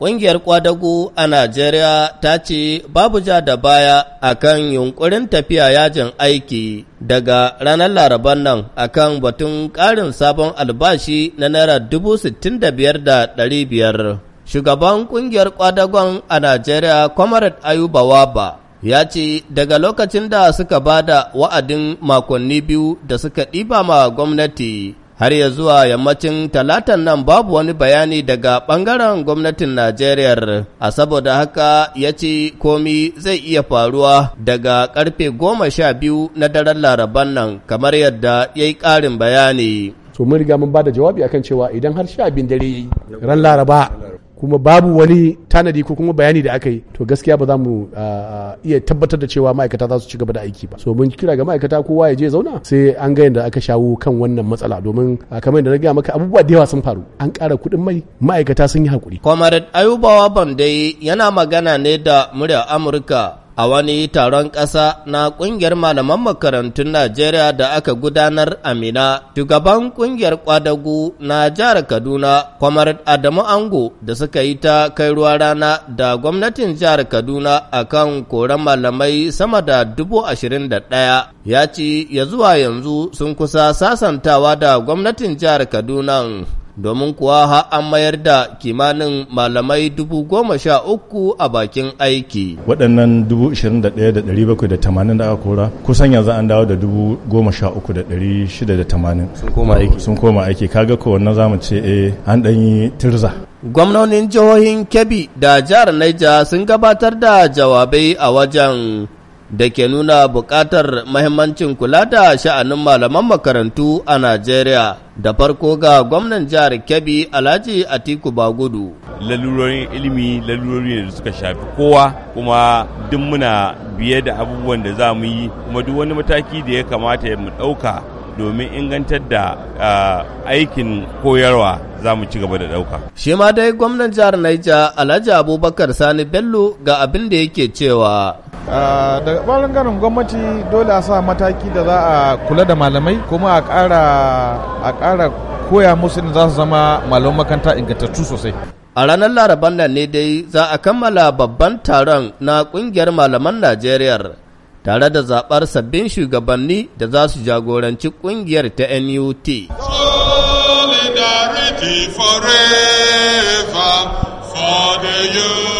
Ƙungiyar Kwadago a Najeriya ta ce babu ja da baya akan kan yunƙurin tafiya yajin aiki daga ranar laraban nan akan batun ƙarin sabon albashi na Naira dubu sittin da biyar da ɗari biyar. Shugaban ƙungiyar Kwadagon a Najeriya, Comrade Ayuba Waba, ya ce daga lokacin da suka ba da wa'adin makonni biyu da suka ɗiba ma gwamnati har ya zuwa yammacin talatan nan babu wani bayani daga ɓangaren gwamnatin Najeriya, a saboda haka ya ce komi zai iya faruwa daga karfe goma sha biyu na daren laraban nan kamar yadda ya yi ƙarin bayani. to mun riga mun ba da jawabi akan cewa idan har sha bin dare ran laraba kuma babu wani tanadi ko kuma bayani da aka yi to gaskiya ba za mu iya tabbatar da cewa ma'aikata za su ci gaba da aiki ba so mun kira ga ma'aikata kowa ya je zauna sai an ga yadda aka shawo kan wannan matsala domin kamar yadda na gaya maka abubuwa da yawa sun faru an ƙara kuɗin mai ma'aikata sun yi hakuri. Comrade Ayubawa bandai yana magana ne da muryar Amurka a wani taron ƙasa na ƙungiyar malaman makarantun Najeriya da aka gudanar a Mina, shugaban ƙungiyar kwadagu na jihar Kaduna, Kwamar Adamu Ango da suka yi ta kai ruwa rana da gwamnatin jihar Kaduna akan koran malamai sama da dubu ashirin da ɗaya, ya ce ya zuwa yanzu sun kusa sasantawa da gwamnatin jihar Kaduna. domin kuwa har an mayar da kimanin malamai dubu goma sha uku a bakin aiki. Waɗannan dubu ishirin da ɗaya da ɗari bakwai da tamanin da aka kora kusan yanzu an dawo da dubu goma sha uku da ɗari shida da tamanin. Sun koma aiki. Sun koma aiki kaga ko wannan zamu ce eh an ɗan yi tirza. Gwamnonin jihohin Kebbi da jihar Niger sun gabatar da jawabai a wajen da ke nuna buƙatar mahimmancin kula da sha'anin malaman makarantu a Najeriya da farko ga gwamnan jihar Kebbi Alhaji Atiku Bagudu. Lalurorin ilimi lalurori da suka shafi kowa kuma duk muna biye da abubuwan da za mu yi kuma duk wani mataki da ya kamata mu ɗauka domin ingantar da ah, aikin koyarwa za mu ci gaba da ɗauka. Shi ma dai gwamnan jihar Niger Alhaji Abubakar Sani Bello ga abin da yake cewa. Ah, daga ɓangaren gwamnati dole a sa mataki da za a kula da malamai kuma a ƙara koya musu za su zama malaman makaranta ingantattu sosai a ranar laraban nan ne dai za a kammala babban taron na ƙungiyar malaman najeriya tare da zaɓar sabbin shugabanni da za su jagoranci ƙungiyar ta nut for the youth.